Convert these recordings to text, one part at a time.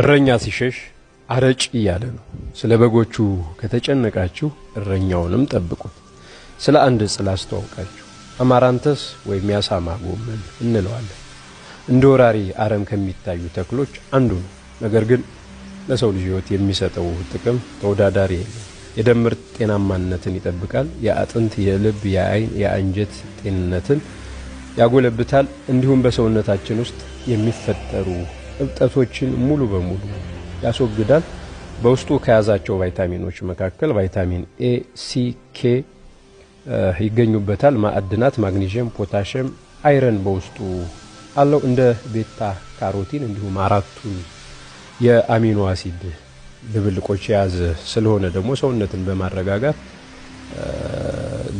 እረኛ ሲሸሽ አረጭ እያለ ነው። ስለ በጎቹ ከተጨነቃችሁ እረኛውንም ጠብቁት። ስለ አንድ ዕፅ ላስተዋውቃችሁ። አማራንተስ ወይም ያሳማ ጎመን እንለዋለን። እንደ ወራሪ አረም ከሚታዩ ተክሎች አንዱ ነው። ነገር ግን ለሰው ልጅ ሕይወት የሚሰጠው ጥቅም ተወዳዳሪ የለም። የደም ምርት ጤናማነትን ይጠብቃል። የአጥንት፣ የልብ፣ የአይን፣ የአንጀት ጤንነትን ያጎለብታል። እንዲሁም በሰውነታችን ውስጥ የሚፈጠሩ እብጠቶችን ሙሉ በሙሉ ያስወግዳል። በውስጡ ከያዛቸው ቫይታሚኖች መካከል ቫይታሚን ኤ፣ ሲ፣ ኬ ይገኙበታል። ማዕድናት ማግኒዥየም፣ ፖታሽየም፣ አይረን በውስጡ አለው። እንደ ቤታ ካሮቲን እንዲሁም አራቱን የአሚኖ አሲድ ድብልቆች የያዘ ስለሆነ ደግሞ ሰውነትን በማረጋጋት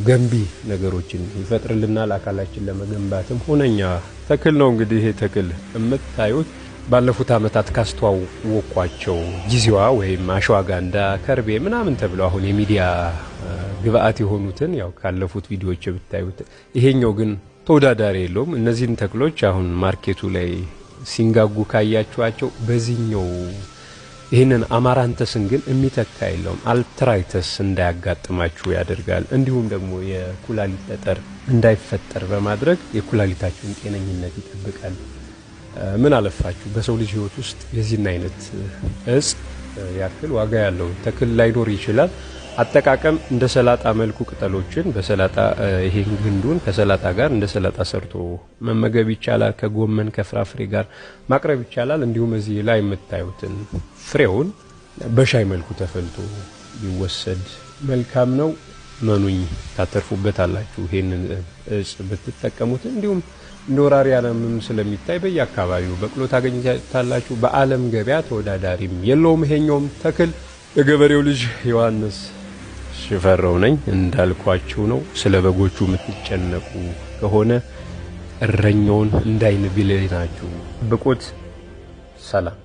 ገንቢ ነገሮችን ይፈጥርልናል። አካላችን ለመገንባትም ሁነኛ ተክል ነው። እንግዲህ ይሄ ተክል የምታዩት ባለፉት ዓመታት ካስተዋወቋቸው ጊዜዋ ወይም አሸዋጋንዳ፣ ከርቤ ምናምን ተብለው አሁን የሚዲያ ግብአት የሆኑትን ያው ካለፉት ቪዲዮዎች ብታዩት፣ ይሄኛው ግን ተወዳዳሪ የለውም። እነዚህን ተክሎች አሁን ማርኬቱ ላይ ሲንጋጉ ካያችኋቸው በዚህኛው ይህንን አማራንተስን ግን የሚተካ የለውም። አልትራይተስ እንዳያጋጥማችሁ ያደርጋል። እንዲሁም ደግሞ የኩላሊት ጠጠር እንዳይፈጠር በማድረግ የኩላሊታችሁን ጤነኝነት ይጠብቃል። ምን አለፋችሁ በሰው ልጅ ህይወት ውስጥ የዚህን አይነት እጽ ያክል ዋጋ ያለው ተክል ላይኖር ይችላል። አጠቃቀም እንደ ሰላጣ መልኩ ቅጠሎችን በሰላጣ ይሄን ግንዱን ከሰላጣ ጋር እንደ ሰላጣ ሰርቶ መመገብ ይቻላል። ከጎመን ከፍራፍሬ ጋር ማቅረብ ይቻላል። እንዲሁም እዚህ ላይ የምታዩትን ፍሬውን በሻይ መልኩ ተፈልቶ ይወሰድ መልካም ነው። መኑኝ ታተርፉበት አላችሁ። ይሄንን እጽ ብትጠቀሙት እንዲሁም እንደ ወራሪ ዓለምም ስለሚታይ በየአካባቢው በቅሎ ታገኝታላችሁ። በዓለም ገበያ ተወዳዳሪም የለውም። ይሄኛውም ተክል የገበሬው ልጅ ዮሐንስ ሽፈረው ነኝ። እንዳልኳችሁ ነው። ስለ በጎቹ የምትጨነቁ ከሆነ እረኛውን እንዳይን ብቁት። ሰላም